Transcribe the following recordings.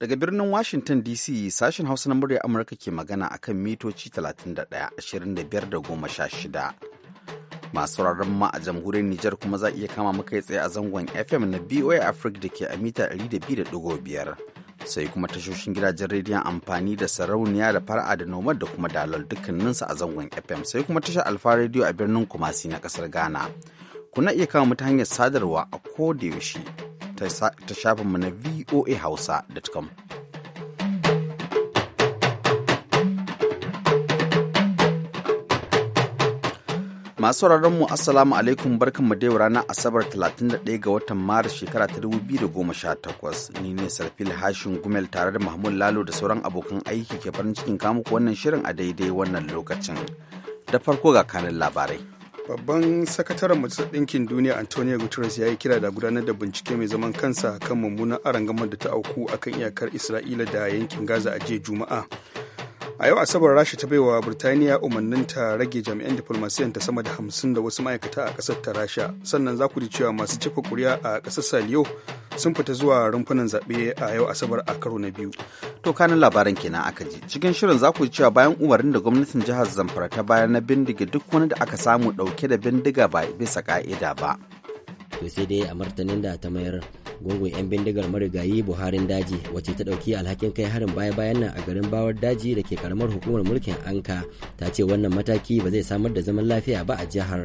Daga birnin Washington DC sashen Hausa na murya Amurka ke magana a kan mitoci 31 25 shida Masu rarren ma a jamhuriyar Nijar kuma za iya kama muka tsaye a zangon FM na BOA Africa da ke a mita 200.5. Sai kuma tashoshin gidajen rediyon amfani da sarauniya da fara'a da nomad da kuma dalar dukkaninsu a zangon FM sai kuma tashar Alfa rediyo a birnin Kumasi na kasar Ghana. Kuna iya kama mu ta hanyar sadarwa a da yaushe ta shafinmu na voa hausa.com. Masu mu Assalamu alaikum barkanmu da ranar Asabar 31 ga watan Maris shekara ta 2018. Ni ne Sarfil Hashin Gumel tare da Mahmud Lalo da sauran abokan aiki ke farin cikin kamuku wannan shirin a daidai wannan lokacin. Da farko ga kanin labarai. babban sakataren majalisar ɗinkin duniya antonio guterres ya yi kira da gudanar da bincike mai zaman kansa kan mummunan arangamar da ta auku akan iyakar isra'ila da yankin gaza a jiya juma'a a yau asabar rasha ta baiwa birtaniya umarnin ta rage jami'an diplomasiyan ta sama da hamsin da wasu ma'aikata a ƙasar ta rasha sannan za ku ji cewa masu cefa kuri'a a ƙasar saliyo sun fita zuwa rumfunan zaɓe a yau asabar a karo na biyu to kanin labaran kenan aka ji cikin shirin za ku ji cewa bayan umarnin da gwamnatin jihar zamfara ta bayar na bindiga duk wani da aka samu ɗauke da bindiga ba bisa ka'ida ba to sai dai a martanin da ta mayar gungun 'yan bindigar marigayi buharin daji wace ta ɗauki alhakin kai harin baya bayan nan a garin bawar daji da ke karamar hukumar mulkin anka ta ce wannan mataki ba zai samar da zaman lafiya ba a jihar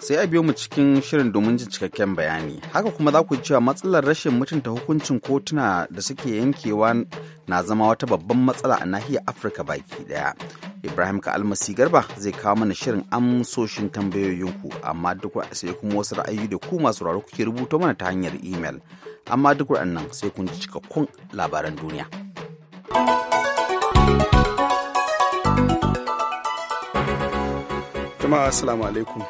sai a biyo mu cikin shirin domin jin cikakken bayani haka kuma za ku cewa matsalar rashin mutunta hukuncin kotuna da suke yankewa na zama wata babban matsala a nahiyar afirka baki daya ibrahim ka almasi garba zai kawo mana shirin amsoshin tambayoyinku amma duk sai kuma wasu ra'ayi da ku masu raro kuke rubuto mana ta hanyar imel amma duk nan sai kun ji cikakkun labaran duniya jama'a assalamu alaikum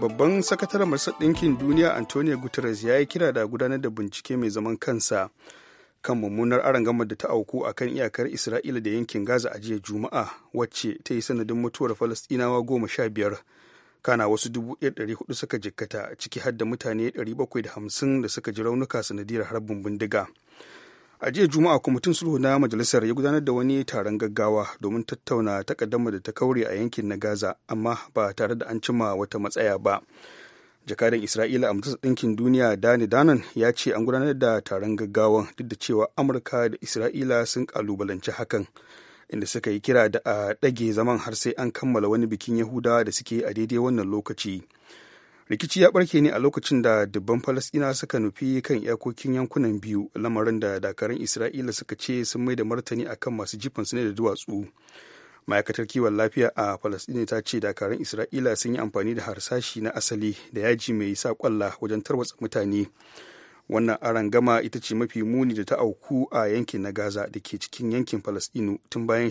babban sakataren majalisar ɗinkin duniya antonio guterres ya yi kira da gudanar da bincike mai zaman kansa kan mummunar arangamar da ta auku a kan iyakar isra'ila da yankin gaza a jiya juma'a wacce ta yi sanadin mutuwar falastinawa goma sha biyar kana wasu dubu ɗaya ɗari hudu suka jikkata ciki mutane bakwai da hamsin da suka ji raunuka sanadiyar harbin bindiga a jiya juma'a kwamitin sulhu na majalisar ya gudanar da wani taron gaggawa domin tattauna takaddama da ta kaure a yankin na gaza amma ba tare da an cima wata matsaya ba jakadan isra'ila a matasa ɗinkin duniya dani danan ya ce an gudanar da taron gaggawa duk da cewa amurka da isra'ila sun kalubalanci hakan inda suka yi kira da a ɗage zaman har sai an kammala wani bikin yahudawa da suke a daidai wannan lokaci rikici ya barke ne a lokacin da dubban falasɗina suka nufi kan iyakokin yankunan biyu lamarin da dakarun isra'ila suka ce sun mai da martani akan masu jifansu ne da duwatsu ma'aikatar kiwon lafiya a falasɗina ta ce dakarun isra'ila sun yi amfani da harsashi na asali da yaji mai sa kwalla wajen tarwatsa mutane wannan arangama ita ce mafi muni da ta auku a yankin na gaza da ke cikin yankin falasɗinu tun bayan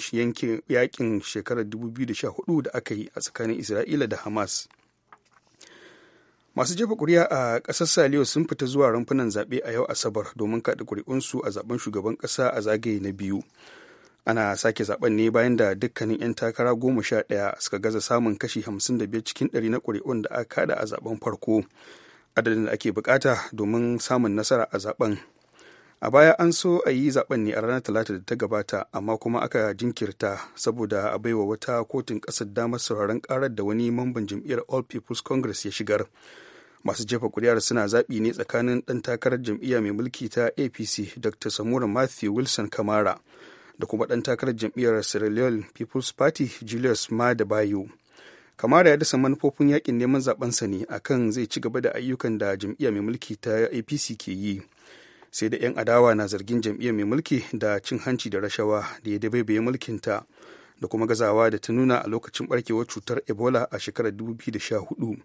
yakin shekarar 2014 da aka yi a tsakanin isra'ila da hamas masu jefa kuri'a a ƙasar saliyo sun fita zuwa rumfunan zaɓe a yau asabar domin kaɗa kuri'unsu a zaben shugaban ƙasa a zagaye na biyu ana sake zaɓen ne bayan da dukkanin 'yan takara goma sha ɗaya suka gaza samun kashi hamsin da biyar cikin ɗari na kuri'un da aka kaɗa a zaben farko adadin da ake bukata domin samun nasara a zaben a baya an so a yi zaben ne a ranar talata da ta gabata amma kuma aka jinkirta saboda a baiwa wata kotun ƙasar damar sauraron karar da wani mamban jam'iyyar all people's congress ya shigar masu jefa kuri'ar suna zaɓi ne tsakanin ɗan takarar jam'iyya mai mulki ta apc dr samura matthew wilson kamara da kuma ɗan takarar jam'iyyar sierra leone people's party julius bayo kamara ya dasa manufofin yakin neman zaɓensa ne akan zai ci gaba da ayyukan da jam'iyya mai mulki ta apc ke yi sai da 'yan adawa na zargin jam'iyyar mai mulki da cin hanci da rashawa da ya dabaibaye mulkinta da kuma gazawa da ta nuna a lokacin barkewar cutar ebola a shekarar 2014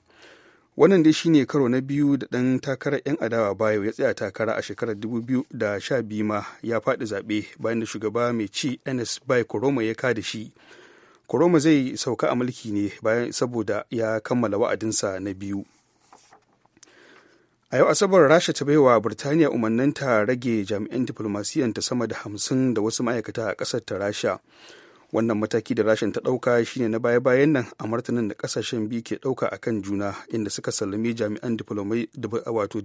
wannan dai shine karo na biyu da dan takarar 'yan adawa bayo ya tsaya takara a shekarar 2012 ma ya faɗi zaɓe bayan da shugaba mai ci ns bai koroma ya ka da shi koroma zai sauka a mulki ne bayan saboda ya kammala wa'adinsa na biyu a yau asabar rasha ta baiwa birtaniya umarnin ta rage jami'an diflomasiyan ta sama da hamsin da wasu ma'aikata a ƙasar ta rasha wannan mataki da rashin ta ɗauka shine na baya-bayan nan a martanin da ƙasashen biyu ke ɗauka a kan juna inda suka sallami jami'an wato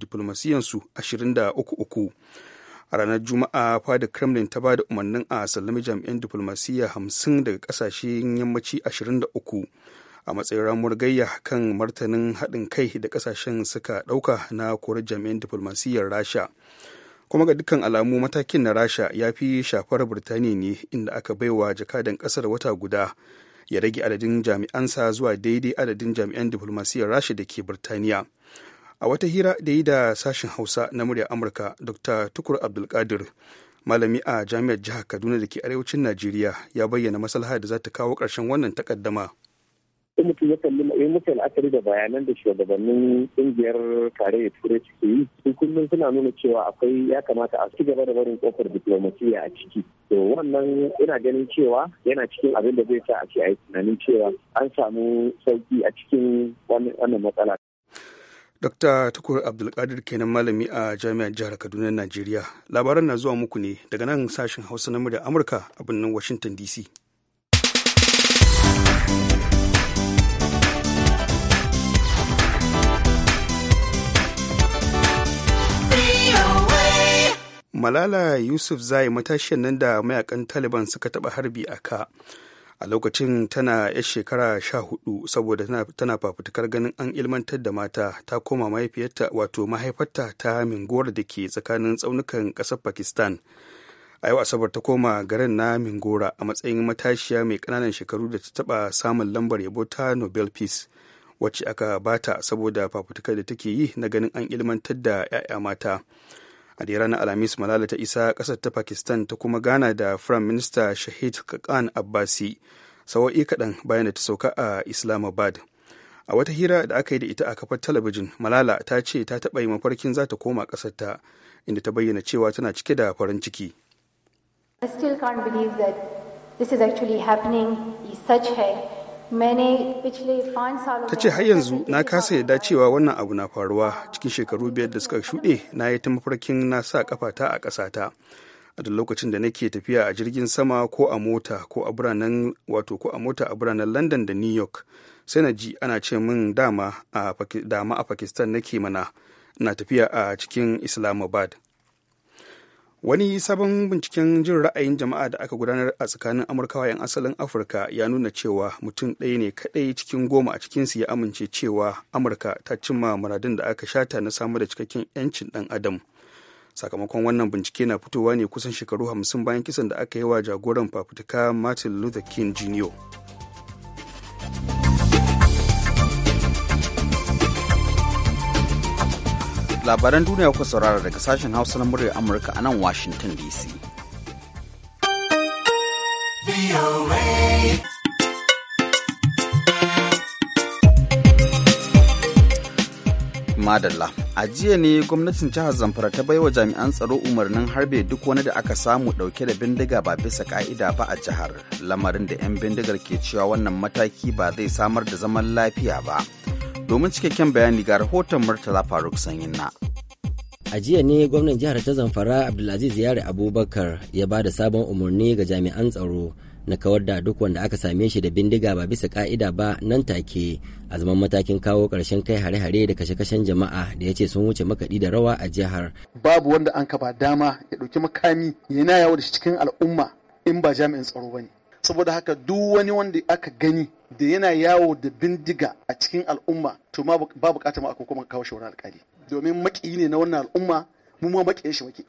uku uku a ranar juma'a fada kremlin ta bada umarnin a sallami jami'an diflomasiyya hamsin daga ƙasashen yammaci ashirin da uku. a matsayin ramuwar gayya kan martanin haɗin kai da ƙasashen suka ɗauka na korar jami'an diflomasiyyar rasha kuma ga dukkan alamu matakin na rasha ya fi shafar birtaniya ne inda aka baiwa jakadan ƙasar wata guda ya rage adadin jami'ansa zuwa daidai adadin jami'an diflomasiyyar rasha da ke birtaniya a wata hira da yi da sashen hausa na murya amurka dr tukur abdulkadir malami a jami'ar jihar kaduna da ke arewacin najeriya ya bayyana maslaha da za ta kawo ƙarshen wannan takaddama sai mutum ya kalli ya muka la'akari da bayanan da shugabannin kungiyar ya turai suke yi su kullum suna nuna cewa akwai ya kamata a ci gaba da barin kofar diplomasiya a ciki to wannan ina ganin cewa yana cikin abin da zai sa a ce a yi tunanin cewa an samu sauki a cikin wannan matsala Dr. Tukur Abdulkadir kenan malami a Jami'ar Jihar Kaduna Najeriya. Labaran na zuwa muku ne daga nan sashen Hausa na Amurka a birnin Washington DC. malala yusuf zai matashiyar nan da mayakan taliban suka taba harbi a ka a lokacin tana yar shekara sha hudu saboda tana fafutukar ganin an ilmantar da mata ta koma mahaifiyarta wato mahaifarta ta mingor da ke tsakanin tsaunukan ƙasar pakistan a yau asabar ta koma garin na mingora a matsayin matashiya mai ƙananan shekaru da ta taba samun lambar yabo ta nobel peace wacce aka bata saboda fafutukar da take yi na ganin an ilmantar da 'ya'ya mata a da ranar alhamis malala ta isa ƙasar ta pakistan ta kuma gana da firayim minista shahid kakan abbasi sawa'i kaɗan bayan da ta sauka a islamabad a wata hira da aka yi da ita a kafar talabijin malala ta ce ta taɓa yi mafarkin za ta koma ƙasarta inda ta bayyana cewa tana cike da farin ciki I still can't believe that this is actually happening is such a ta ce har yanzu na kasa yarda cewa wannan abu na faruwa cikin shekaru biyar da suka shuɗe na yi ta mafarkin na sa kafata a ƙasata a duk lokacin da nake tafiya a jirgin sama ko a mota ko a biranen wato ko a mota a biranen london da new york sai na ji ana ce min dama a pakistan nake mana na tafiya a cikin islamabad wani sabon binciken jin ra'ayin jama'a da aka gudanar a tsakanin amurkawa 'yan asalin afirka ya nuna cewa mutum ɗaya ne kaɗai cikin goma a cikinsu ya amince cewa amurka ta cimma muradin da aka shata na samar da cikakken 'yancin ɗan adam sakamakon wannan bincike na fitowa ne kusan shekaru hamsin bayan kisan da aka yi wa jagoran fafutuka martin luther king jr labaran duniya kuka saurara daga sashen hausa na muryar amurka a nan washington dc madalla a jiya ne gwamnatin jihar zamfara ta baiwa jami'an tsaro umarnin harbe duk wani da aka samu dauke da bindiga ba bisa ka'ida ba a jihar lamarin da 'yan bindigar ke cewa wannan mataki ba zai samar da zaman lafiya ba domin cikakken bayani ga rahoton Murtala Faruk Sanyinna. A jiya ne gwamnan jihar ta Zamfara Abdulaziz Yare Abubakar ya ba da sabon umarni ga jami'an tsaro na kawar da duk wanda aka same shi da bindiga ba bisa ka'ida ba nan take a zaman matakin kawo ƙarshen kai hare-hare da kashe-kashen jama'a da ya ce sun wuce makaɗi da rawa a jihar. Babu wanda an kaba dama ya ɗauki makami ya na yawo da shi cikin al'umma in ba jami'in tsaro ba ne. saboda haka duk wani wanda aka gani da yana yawo da bindiga a cikin al'umma to ba bukatar ma a kuma kawo shi alƙali domin maƙiyi ne na wannan al'umma mu ma maki shi maki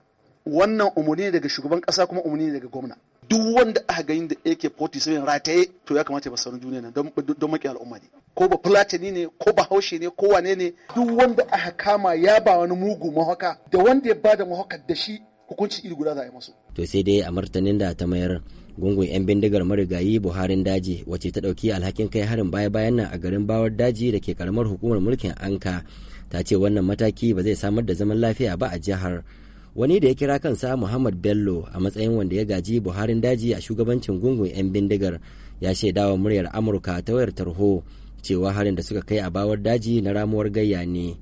wannan umarni daga shugaban ƙasa kuma umarni daga gwamna duk wanda aka gani da AK47 rataye to ya kamata ya sauran duniya nan don maki al'umma ne ko ba fulatani ne ko ba haushe ne ko wane ne duk wanda aka kama ya ba wani mugu mahaka da wanda ya bada mahaka da shi hukunci iri guda za a yi masu. To sai dai a martanin da ta mayar gungun 'yan bindigar marigayi buharin daji wace ta ɗauki alhakin kai harin baya-bayan nan a garin bawar daji da ke karamar hukumar mulkin anka ta ce wannan mataki ba zai samar da zaman lafiya ba a jihar wani da ya kira kansa muhammad bello a matsayin wanda ya gaji buharin daji a shugabancin gungun 'yan bindigar ya shaidawa muryar amurka ta wayar tarho cewa harin da suka kai a bawar daji na ramuwar gayya ne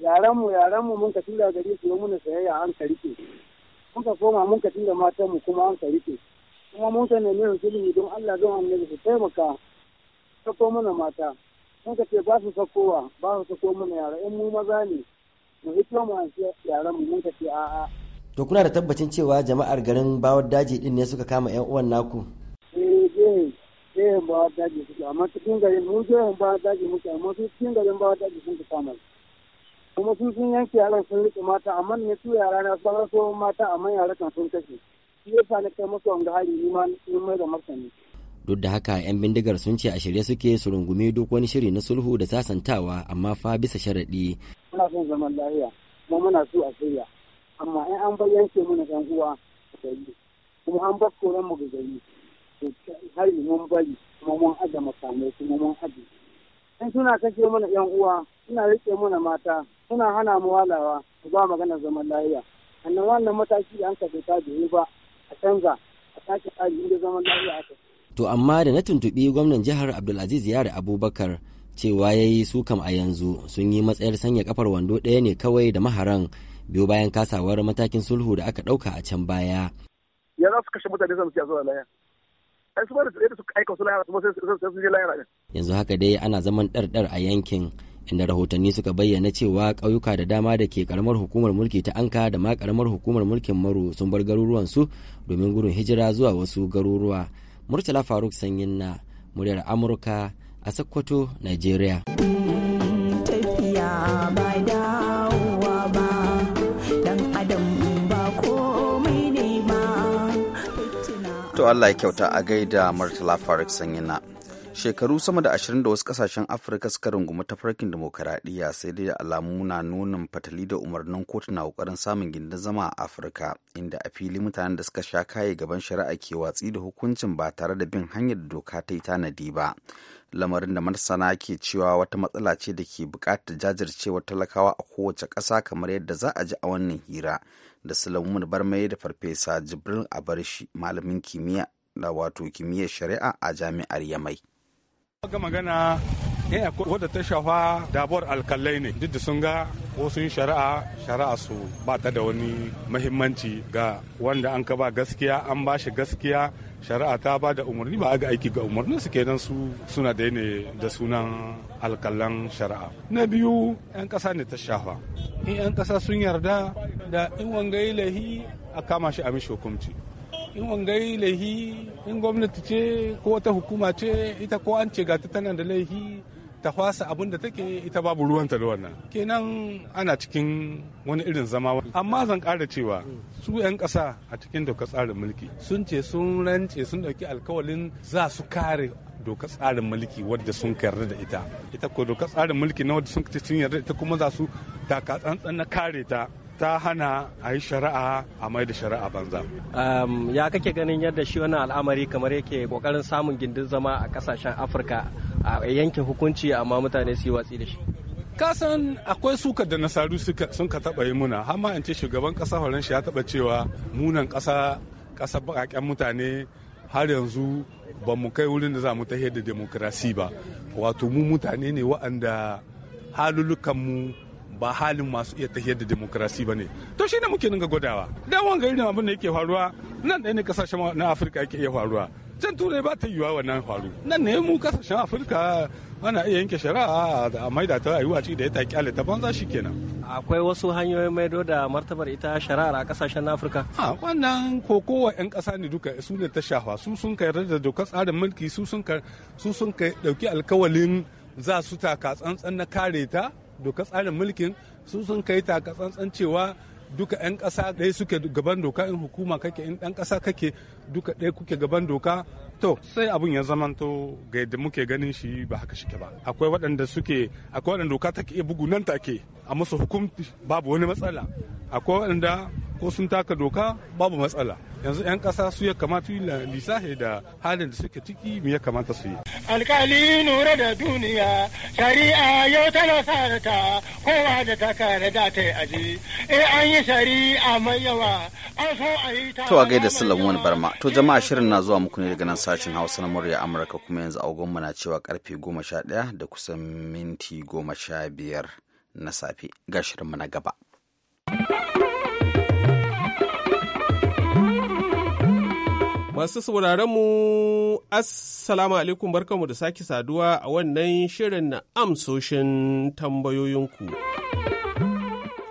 yaranmu yaranmu mun ka tura gari su yi muna sayayya an karike muka koma mun ka tura matanmu kuma an karike kuma mun ne yin sulhu don Allah don annabi su taimaka sako mana mata mun ka ce ba su sakowa ba su sako mana yara in mu maza ne mu hito mu an yaran mu mun ka ce a'a to kuna da tabbacin cewa jama'ar garin bawar daji din ne suka kama yan uwan naku eh bawar daji suke amma cikin garin mu je bawar daji muke amma su cikin garin bawar daji sun ka kama kuma sun sun yanke yaran sun riƙe mata amma ne su yara na sun mata amma yara kan sun kashe yasa na kai musu wanga hari ni ma sun duk da haka 'yan bindigar sun ce a shirye suke su rungumi duk wani shiri na sulhu da sasantawa amma fa bisa sharaɗi. muna son zaman lafiya kuma muna so a shirya amma in an bayyance mana ɗan uwa a gari kuma an bar koran mu ga gari har yi mun bari kuma mun haɗa makamai kuma mun aje in suna kashe mana yan uwa suna rike mana mata suna hana mu walawa ba magana zaman lafiya annan wannan mataki an kafe ta ba a canza a sake tsari inda zaman lafiya aka to amma da na tuntuɓi gwamnan jihar abdulaziz yari abubakar cewa ya yi sukan a yanzu sun yi matsayar sanya kafar wando ɗaya ne kawai da maharan biyu bayan kasawar matakin sulhu da aka ɗauka a can baya. ya za su kashe mutane siya zuwa laya yanzu haka dai ana zaman ɗarɗar a yankin inda rahotanni suka bayyana cewa ƙauyuka da dama da ke karamar hukumar mulki ta anka da ma karamar hukumar mulkin maru sun bar garuruwansu domin gudun hijira zuwa wasu garuruwa murtala faruk sanyin na muryar amurka a sokoto nigeria To Allah ya kyauta a gaida Murtala Faruk Sanyina. shekaru sama da ashirin da wasu kasashen afirka suka rungumi farkin demokaradiyya sai dai alamu na nunin fatali da umarnin kotu na kokarin samun gindin zama a afirka inda a fili mutanen da suka sha kaye gaban shari'a ke watsi da hukuncin ba tare da bin hanyar da doka ta yi tanadi ba lamarin da masana ke cewa wata matsala ce da ke bukatar jajircewar talakawa a kowace ƙasa kamar yadda za a ji a wannan hira da bar barmai da farfesa jibril abarshi malamin kimiyya da wato kimiyyar shari'a a jami'ar yamai Ga magana yana eh, wadda ta shafa dabuwar alkalai ne duk da sun ga ko sun shari'a shari'a su ba ta da wani mahimmanci ga wanda an ka ba gaskiya an ba shi gaskiya shari'a ta ba da umarni ba a ga aiki ga umarnin su kenan su suna da ne da sunan alkalan shari'a na biyu 'yan kasa ne ta shafa in 'yan kasa sun yarda da in wangayi lahi a kama shi a mishi hukunci in wangai laihi in gwamnati ce ko wata hukuma ce ita ko an ce gata tana da laihi ta fasa abin da take ita babu ruwanta da wannan kenan ana cikin wani irin zama amma zan kara cewa su 'yan kasa a cikin doka tsarin mulki sun ce sun rance sun ɗauki alkawalin za su kare doka tsarin mulki wadda sun yarda da ita ita ko doka tsarin mulki na wadda sun yarda ita kuma za su taka tsantsan na kare ta ta hana a yi shari'a a mai da shari'a banza. ya kake ganin yadda shi wannan al'amari kamar yake kokarin samun gindin zama a kasashen afirka a yanke hukunci amma mutane su yi watsi da shi kasan akwai suka da nasaru sun ka taba yi muna har ma in ce shugaban kasa horon shi ya taba cewa munan kasa kasa bakaken mutane har yanzu ba mu kai wurin da za mu tahiyar da demokrasi ba wato mu mutane ne wa'anda halulukan mu ba halin masu iya tafiyar da demokrasi ba ne to shi ne muke nuna gwadawa dan wanga ne abin da yake faruwa nan ɗaya ne kasashen na afirka yake iya faruwa can turai ba ta yiwa wannan faru nan ne mu kasashen afirka ana iya yanke shari'a a maida ta a yi waci da ya ta kyale ta banza shi kenan akwai wasu hanyoyin maido da martabar ita shari'ar a kasashen afirka a wannan kowa yan kasa ne duka su ne ta shafa su sun kai da dokar tsarin mulki su sun kai dauki alkawalin za su taka tsantsan na kare ta doka tsarin mulkin su sun kai takatsantsan cewa duka 'yan ƙasa ɗaya suke gaban doka in hukuma kake in ɗan ƙasa kake duka ɗaya kuke gaban doka to sai abun ya zamanto ga yadda muke ganin shi ba haka shike ba akwai waɗanda suke akwai waɗanda doka take iya bugu nan take a musu hukunci babu wani matsala akwai waɗanda ko sun taka doka babu matsala yanzu 'yan ƙasa su ya kamata yi da halin da suke ciki mu ya kamata su yi. alkali nura da duniya shari'a yau tana sa kowa da ta kare da ta yi aji eh an yi shari'a mai yawa an so a yi ta. wa gaida wani barma to jama'a shirin na zuwa muku ne daga nan sashen hausa na murya amurka kuma yanzu a mu na cewa karfe goma sha ɗaya da kusan minti goma sha biyar. na safe ga shirinmu na gaba. Masu sauraronmu, Assalamu alaikum barkanmu da sake saduwa a wannan shirin na amsoshin tambayoyinku.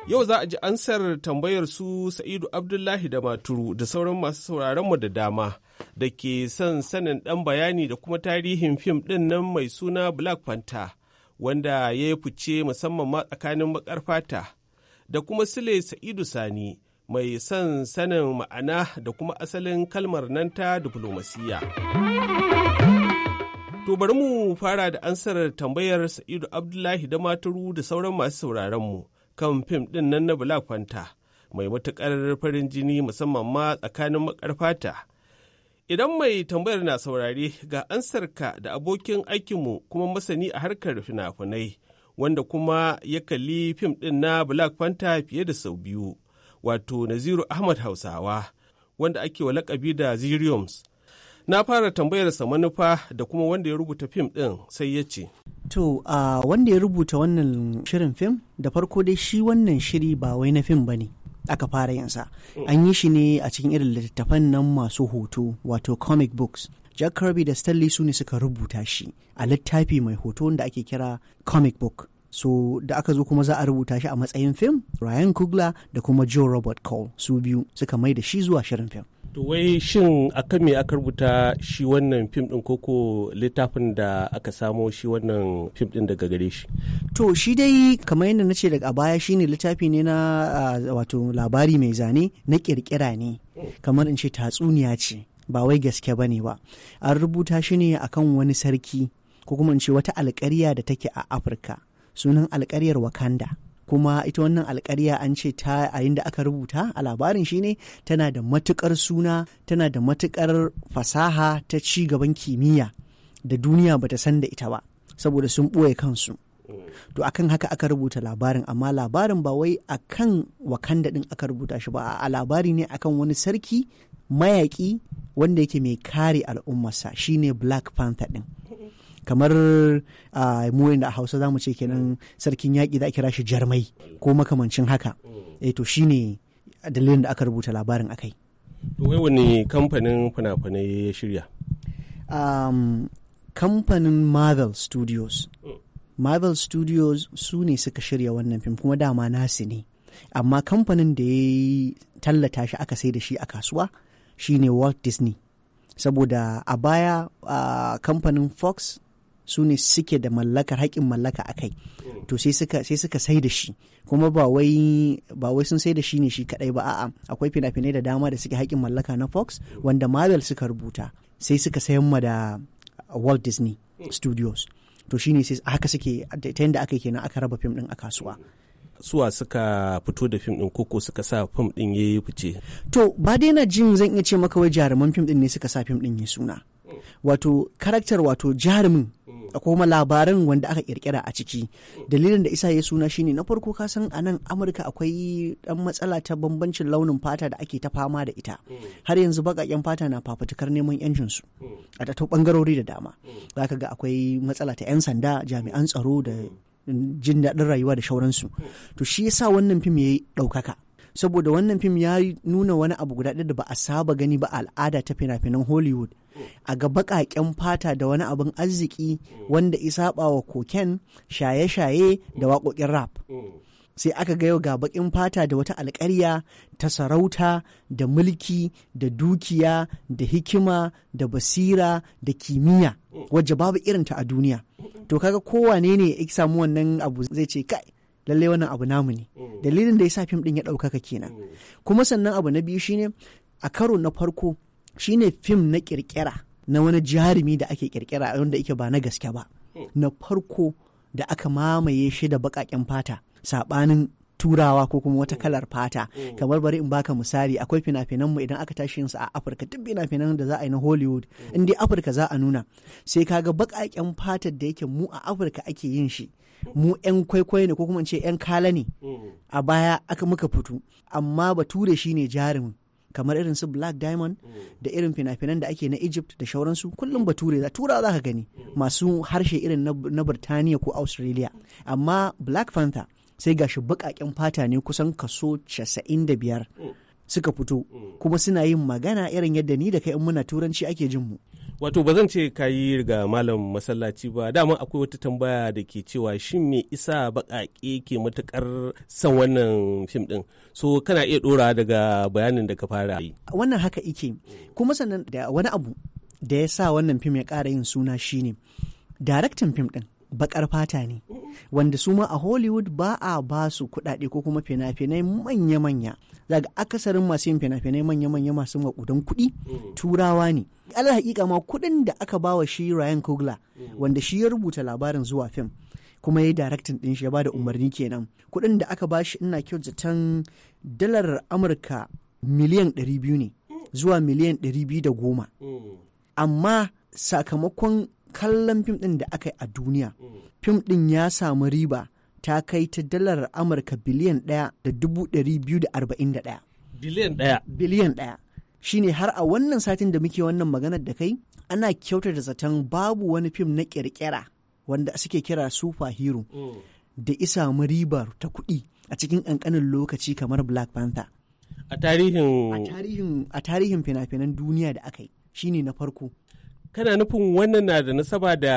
Yau za a ji ansar tambayar su Sa'idu Abdullahi da Maturu da sauran masu sauraronmu da dama da ke son sanin ɗan bayani da kuma tarihin fim ɗin nan mai suna Black Panther wanda ya yi fice musamman ma tsakanin bakar fata da kuma sule sa'idu sani mai son sanin ma'ana da kuma asalin kalmar nan ta diflomasiyya. To bari mu fara da ansar tambayar Sa'idu Abdullahi da Maturu da sauran masu sauraron mu kan fim ɗin nan na bulakwanta Fanta" mai matuƙar farin jini musamman ma tsakanin fata Idan mai tambayar na saurare ga ansarka da abokin aikinmu kuma masani a harkar fina-finai wanda kuma ya kalli fim ɗin na Black Panther fiye da sau biyu, wato Naziru Ahmad Hausawa, wanda ake wa lakabi da Ziriums. Na fara tambayar sa manufa da kuma wanda ya rubuta fim ɗin sai ya ce. To, uh, wanda ya rubuta wannan shirin fim, da farko dai shi wannan shiri ba wai na fim ba ne. aka fara yinsa an yi shi ne a cikin irin littattafan nan masu hoto wato comic books jack kirby da stanley su ne suka rubuta shi a littafi mai hoto da ake kira comic book so da aka zo kuma za a rubuta shi a matsayin fim ryan kugler da kuma joe robert cole su biyu suka mai da shi zuwa shirin fim To wai shin kan me aka rubuta shi wannan fim ɗin koko littafin da aka samo shi wannan fim ɗin daga gare shi? To shi dai kamar yadda na ce daga baya shine littafi ne na wato labari mai zane na kirkira ne kamar in ce tatsuniya ce ba wai gaske bane ba an rubuta shi ne akan wani sarki ko kuma in ce wata alƙarya da take a Afirka sunan alƙaryar Wakanda. kuma ita wannan alkarya an ce ta a da aka rubuta a labarin shi ne tana da matukar suna tana da matukar fasaha ta ci gaban kimiyya da duniya bata san da ita ba saboda sun ɓoye kansu to akan haka aka rubuta labarin amma labarin ba wai akan wakanda din aka rubuta shi ba a labari ne akan wani sarki mayaki wanda yake mai kare al'ummarsa shine black panther din kamar a mu da a hausa zamu ce kenan sarkin yaƙi da kira shi jarmai ko makamancin haka eh to shine dalilin da aka rubuta labarin akai wai wani kamfanin fina-finai ya shirya um, kamfanin marvel studios marvel studios su ne suka shirya wannan fim kuma dama nasu ne amma kamfanin da ya tallata shi aka sai da shi a kasuwa shine walt disney saboda a baya uh, kamfanin fox su ne suke da mallakar haƙƙin mallaka a kai to sai suka sai da shi kuma ba wai sun sai da shi ne shi kadai ba a'a akwai fina-finai da dama da suke haƙƙin mallaka na Fox wanda Marvel suka rubuta sai suka sayan ma da Walt Disney Studios to shine sai haka suke ta yanda aka kenan aka raba fim din a kasuwa suwa suka fito da fim din koko suka sa fim din yayi fice to ba dai na jin zan iya ce maka wai jaruman fim din ne suka sa fim din ya suna wato karakter wato jarumin mm. akwai kuma labaran wanda aka kirkira a ciki dalilin da isa ya suna shine na farko ka san anan amurka akwai dan matsala ta bambancin launin fata da ake ta fama da ita mm. har yanzu bakaken fata na fafutukar neman yancin su mm. a ta bangarori da dama zaka ga akwai matsala ta yan sanda jami'an tsaro da jin daɗin rayuwa da sauransu to shi yasa wannan fim ya ɗaukaka saboda wannan fim ya nuna wani abu guda da ba a saba gani ba al'ada ta fina-finan hollywood a ga baƙaƙen fata da wani abin arziki wanda isa wa koken shaye-shaye da waƙoƙin rap sai aka ga yau ga baƙin fata da wata alƙarya ta sarauta da mulki da dukiya da hikima da basira da kimiyya Wajen babu irinta a duniya to kaga kowane ne ya samu wannan abu zai ce kai lalle wannan abu namu ne dalilin da ya sa fim din ya ɗaukaka kenan kuma sannan abu na biyu shine a karo na farko Shi ne fim na kirkira na wani jarumi da ake kirkira wanda yake ba na gaske ba na farko da aka mamaye shi da baƙaƙen fata Sabanin turawa ko kuma wata kalar fata kamar bari in baka misali akwai fina-finan mu idan aka tashi yinsa a afirka duk fina-finan da za a yi na hollywood in dai afirka za a nuna sai kaga baƙaƙen fatar da yake mu a afirka ake yin shi mu 'yan kwaikwayo ne ko kuma ce 'yan kala ne a baya aka muka fito amma bature shi ne jarumin kamar irin su black diamond da irin fina-finan da ake na egypt da shauransu kullum bature za tura za ka gani masu harshe irin na birtaniya ko australia amma black panther sai ga shi baƙaƙen fata ne kusan kaso 95 suka fito kuma suna yin magana irin yadda ni da kai in muna turanci ake jin mu wato ba zan ce ka yi ga malam masallaci ba dama akwai wata tambaya da ke cewa shin me isa baƙaƙe ke matuƙar son wannan fim ɗin so kana iya ɗora daga bayanin da ka fara yi wannan haka ike kuma sannan da wani abu da ya sa wannan fim ya ƙara yin suna shine daraktan fim ɗin. bakar fata ne wanda su ma a hollywood ba a ba su kudade ko kuma fina-finai manya-manya daga akasarin masu yin fina-finai manya-manya masu makudan kudi mm. turawa ne ala hakika ma kuɗin da aka ba wa shi ryan kogla mm. wanda shi ya rubuta labarin zuwa fim kuma ya yi daraktan din shi ya ba da umarni kenan kuɗin da aka ba shi ina kyau zaton dalar amurka miliyan ɗari biyu ne mm. zuwa miliyan ɗari biyu da goma amma sakamakon kallon fim ɗin da aka yi a duniya fim ɗin ya samu riba ta kai ta dalar amurka biliyan ɗaya da dubu ɗari biyu da arba'in da ɗaya biliyan ɗaya biliyan ɗaya shine har a wannan satin da muke wannan maganar da kai ana kyautata zaton babu wani fim na ƙirƙira wanda suke kira super hero da isa ribar ta kuɗi a cikin ƙanƙanin lokaci kamar black panther a tarihin a tarihin fina-finan duniya da aka yi shi ne na farko kana nufin wannan na da nasaba da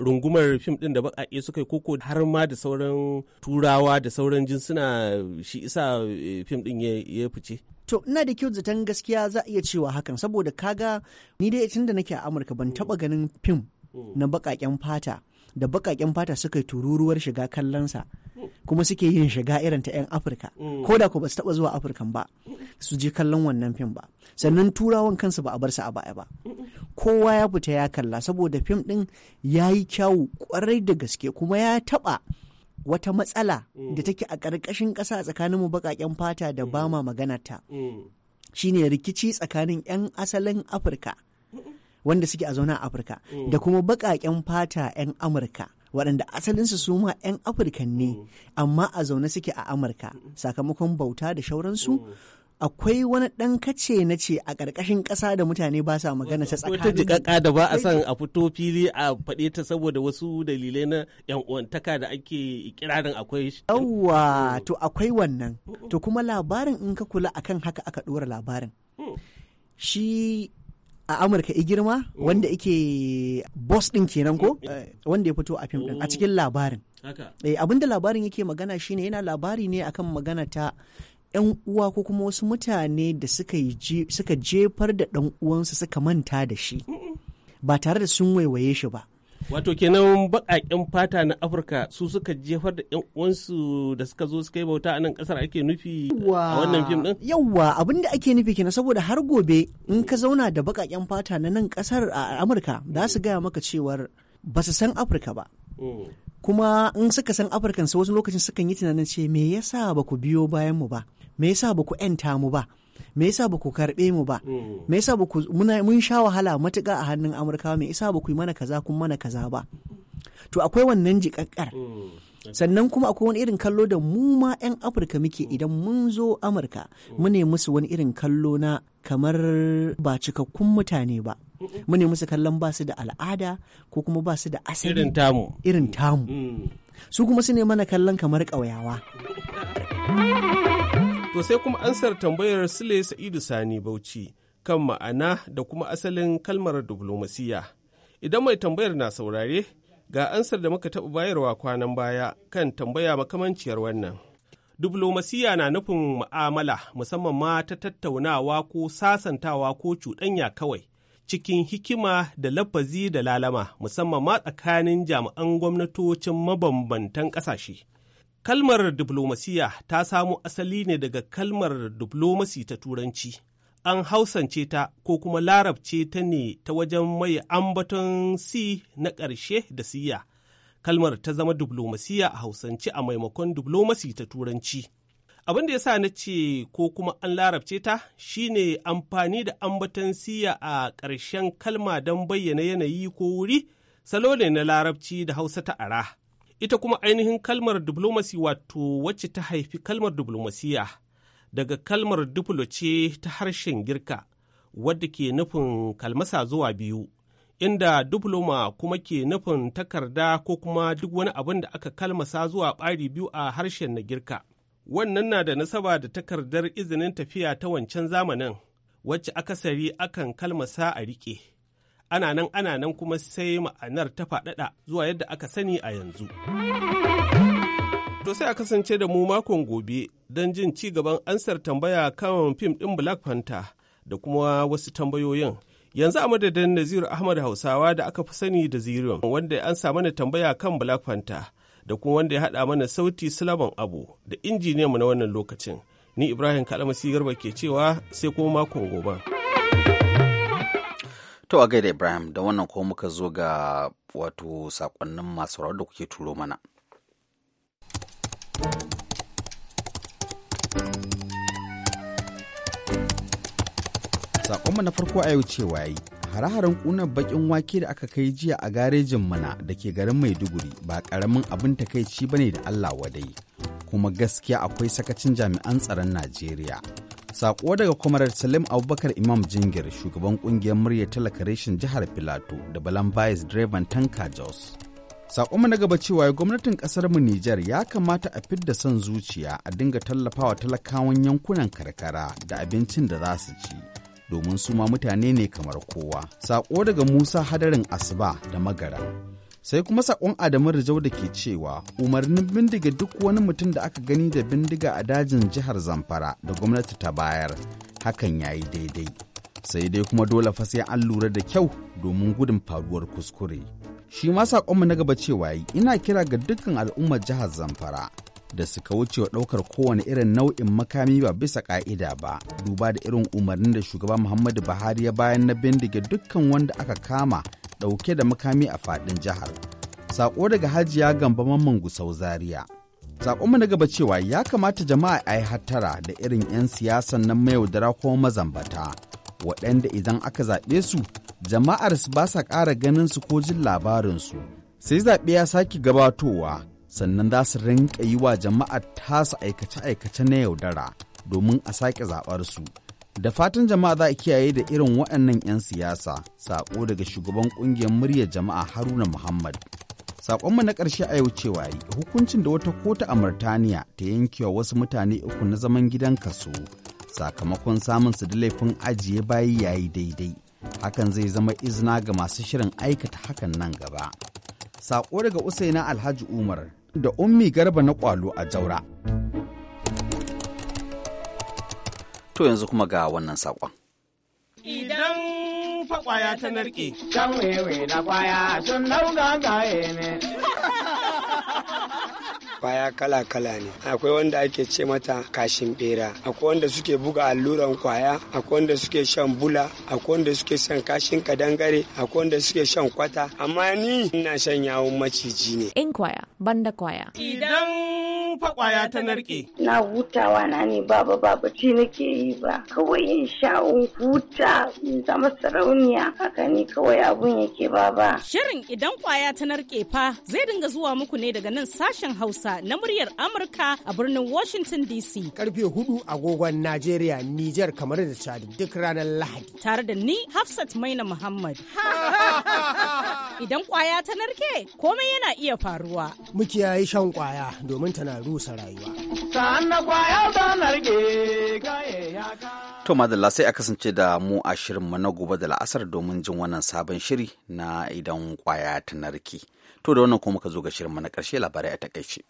rungumar fim din da baƙaƙe suka yi koko har ma da sauran turawa da sauran jinsuna shi isa eh, fim din ya fice to ina da kyau zaton gaskiya za a iya cewa hakan saboda kaga ni dai tun da nake a amurka ban taba ganin fim mm. na baƙaƙen fata da baƙaƙen fata suka yi tururuwar shiga kallonsa kuma suke yin shiga irin ta 'yan afirka mm. ko da ku ba su taba zuwa afirka ba mm. su je kallon wannan fim ba sannan turawan kansu ba a bar su a baya ba kowa ya fita ya kalla saboda fim din ya yi kyawu kwarai da gaske kuma ya taba wata matsala mm. da take a ƙarƙashin ƙasa mu baƙaƙen fata da ba mm. ma maganata mm. shine rikici tsakanin 'yan asalin afirka wanda suke a zaune a afirka da kuma baƙaƙen fata 'yan amurka waɗanda asalinsu su ma 'yan afirka ne amma a zaune suke a amurka sakamakon bauta da shauransu akwai wani ɗan kace na ce a ƙarƙashin ƙasa da mutane ba sa magana ta tsakanin ta jiƙaƙa da ba a san a fito fili a faɗe ta saboda wasu dalilai na yan uwantaka da ake ikirarin akwai shi yawwa hmm. to akwai wannan to kuma labarin in ka kula akan haka aka ɗora labarin hmm. shi a amurka i girma hmm. wanda ike boss ɗin kenan ko eh, wanda ya fito a fim ɗin a oh. cikin labarin eh, abinda labarin yake magana shine yana labari ne akan magana ta 'yan uwa ko kuma wasu mutane da suka jefar da ɗan uwansu suka manta da shi ba tare da sun waiwaye shi ba wato kenan baƙaƙen fata na afirka su suka jefar da yan uwansu da suka zo suka yi bauta a nan ƙasar ake nufi a wannan fim din yawa abin da ake nufi kenan saboda har gobe in ka zauna da baƙaƙen fata na nan ƙasar a amurka za su gaya maka cewar ba su san afirka ba mm. kuma in suka san afirkan su wasu lokacin sukan yi tunanin ce me yasa ba ku biyo bayan mu ba me yasa ba ku ‘yanta mu ba me yasa ba ku karɓe mu ba hmm. me yasa ba ku mun sha wahala matuka a hannun amurkawa me yasa ba ku yi mana kaza kun mana kaza ba to akwai wannan jiƙaƙƙar hmm. sannan kuma akwai wani irin kallo da mu ma 'yan afirka muke hmm. idan mun zo amurka mu ne musu wani irin kallo na kamar ba cikakkun mutane ba mu ne musu kallon ba su da al'ada ko kuma ba su da asali tamu irin tamu su kuma su ne mana kallon kamar ƙauyawa To sai kuma ansar tambayar Sule Sa'idu Sani Bauchi kan ma'ana da kuma asalin kalmar diplomasiya. Idan mai tambayar na saurare, ga ansar da muka taɓa bayarwa kwanan baya kan tambaya makamanciyar wannan. Diplomasiya na nufin mu'amala musamman ma ta tattaunawa ko sasantawa ko cuɗanya kawai cikin hikima da lafazi da lalama musamman ma tsakanin jami'an gwamnatocin mabambantan ƙasashe. Kalmar diplomasiya ta samo asali ne daga kalmar diplomasi ta Turanci. An hausance ta ko kuma larabce ta ne ta wajen mai ambaton si na ƙarshe da siya. Kalmar ta zama diplomasiya a hausance a maimakon diplomasi ta Turanci. Abin da ya sa na ce ko kuma an larabce ta shine amfani da ambaton siya a ƙarshen kalma don bayyana yanayi ko wuri, salo ne na larabci da hausa ta ara. Ita kuma ainihin kalmar diplomacy wato wacce ta haifi kalmar diplomasiya daga kalmar diplo ce ta harshen girka wadda ke nufin kalmasa zuwa biyu, inda diploma kuma ke nufin takarda ko kuma duk wani abin da aka kalmasa zuwa ɓari biyu a harshen na girka. Wannan na da nasaba da takardar izinin tafiya ta wancan zamanin, wacce akasari akan kalmasa a riƙe. ana nan ana nan kuma sai ma'anar ta faɗaɗa zuwa yadda aka sani a yanzu. To sai a kasance da mu makon gobe don jin ci gaban ansar tambaya kan fim ɗin Black Panther da kuma wasu tambayoyin. Yanzu a madadin Naziru Ahmad Hausawa da aka fi sani da Zirion wanda an samu mana tambaya kan Black Panther da kuma wanda ya haɗa mana sauti Sulaman Abu da injiniyanmu na wannan lokacin. Ni Ibrahim Kalamasi Garba ke cewa sai kuma makon gobe. To a gaida Ibrahim da wannan ko muka zo ga wato sakonnin masu rawar da kuke turo mana. Sakonmu na farko a yau cewa yi, hare-haren ƙunar bakin wake da aka kai jiya a garejin mana da ke garin Maiduguri ba ƙaramin abin takaici bane da Allah wadai, kuma gaskiya akwai sakacin jami'an tsaron Najeriya. Sako daga kwamarar Salim Abubakar Imam Jingir, shugaban kungiyar muryar talaka reshen jihar Filato da Balan Bayes Direban Tanka Jos. sako na gaba cewa gwamnatin mu Nijar ya kamata a fidda son zuciya a dinga tallafawa talakawan yankunan karkara da abincin da za su ci. Domin suma mutane ne kamar kowa. Sako daga Musa Hadarin Asuba da Magara. sai kuma sakon adamu rijau da ke cewa umarnin bindiga duk wani mutum da aka gani da bindiga a dajin jihar zamfara da gwamnati ta bayar hakan ya yi daidai sai dai kuma dole fa sai an lura da kyau domin gudun faruwar kuskure shi ma sakonmu na gaba cewa ina kira ga dukkan al'ummar jihar zamfara da suka wuce wa ɗaukar kowane irin nau'in makami ba bisa ƙa'ida ba duba da irin umarnin da shugaba muhammadu buhari ya bayan na bindiga dukkan wanda aka kama ɗauke da makami a faɗin jihar. saƙo daga Hajiya Gamba Mamman Gusau Zaria. mu na gaba cewa ya kamata jama'a a yi hattara da irin 'yan siyasan nan mayaudara ko mazambata, waɗanda idan aka zaɓe su, jama'ar su ba sa ƙara ganin su ko jin labarin su Sai zaɓe ya sake gabatowa, sannan za su rinƙa yi wa jama'ar tasu aikace-aikace na yaudara domin a sake zaɓar su. Da fatan jama'a za a kiyaye da irin waɗannan 'yan siyasa, saƙo daga shugaban ƙungiyar muryar jama'a Haruna Muhammad. Saƙonmu na ƙarshe a yau cewa hukuncin da wata kota a Murtaniya ta yankewa wasu mutane uku na zaman gidan kaso sakamakon samun su da laifin ajiye bayi yayi daidai. Hakan zai zama izina ga masu shirin aikata hakan nan gaba. Saƙo daga Usaina Alhaji Umar da Ummi Garba na ƙwalo a Jaura. To yanzu kuma ga wannan saƙon. Idan fa ta narke. Can wewe na kwaya sun nauga gaye ne. kwaya kala-kala ne akwai wanda ake ce mata kashin bera akwai wanda suke buga alluran kwaya akwai wanda suke shan bula akwai wanda suke shan kashin kadangare akwai wanda suke shan kwata amma ni ina shan yawon maciji ne in kwaya banda kwaya idan fa kwaya ta narke. Na hutawa na ne baba baba ci nake yi ba. Kawai in sha huta in zama sarauniya haka ne kawai abun yake baba. Shirin idan kwaya ta narke fa zai dinga zuwa muku ne daga nan sashen Hausa na muryar Amurka a birnin Washington DC. Karfe hudu agogon Najeriya, Nijar kamar da Chad duk ranar Lahadi. Tare da ni Hafsat Maina Muhammad. Idan kwaya ta narke, komai yana iya faruwa. Mu kiyaye shan kwaya domin tana rusa rayuwa. Sa'an kwaya ta narke, kaye ya To madalla sai a kasance da mu a shirinmu na gobe da la'asar domin jin wannan sabon shiri na idan kwaya ta narke. To da wannan kuma muka zo ga shirinmu na ƙarshe labarai a takaice.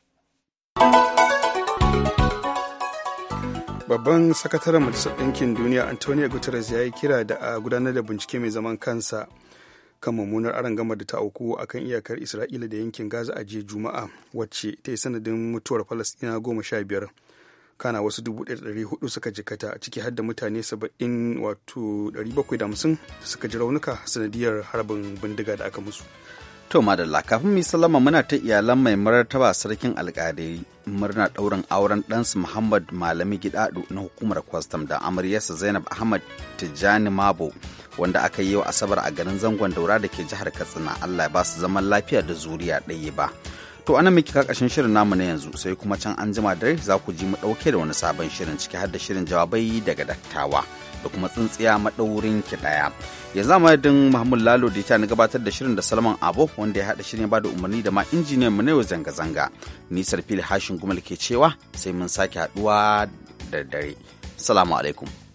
Babban sakataren Majalisar Ɗinkin Duniya Antonio Guterres ya yi kira da a gudanar da bincike mai zaman kansa kan mummunar gama da ta auku a kan iyakar isra'ila da yankin gaza a jiya juma'a wacce ta yi sanadin mutuwar falastina goma sha biyar kana wasu dubu ɗari hudu suka jikata ciki har da mutane saba'in wato ɗari bakwai da hamsin suka ji raunuka sanadiyar harbin bindiga da aka musu to madalla kafin mu sallama muna ta iyalan mai martaba sarkin alƙadai murna ɗaurin auren ɗansu muhammad malami gidaɗu na hukumar kwastam da amaryarsa zainab ahmad tijani mabo wanda aka yi wa asabar a garin zangon daura da ke jihar katsina allah ba su zaman lafiya da zuriya ɗaya ba to anan muke kakashin shirin namu na yanzu sai kuma can an jima dare za ku ji mu ɗauke da wani sabon shirin ciki har da shirin jawabai daga dattawa da kuma tsintsiya maɗaurin ki ɗaya ya zama mahmud lalo da ita na gabatar da shirin da salman abo wanda ya haɗa shirin ba da umarni da ma injiniyan mu na yau zanga-zanga nisar fili hashin gumal ke cewa sai mun sake haɗuwa da dare salamu alaikum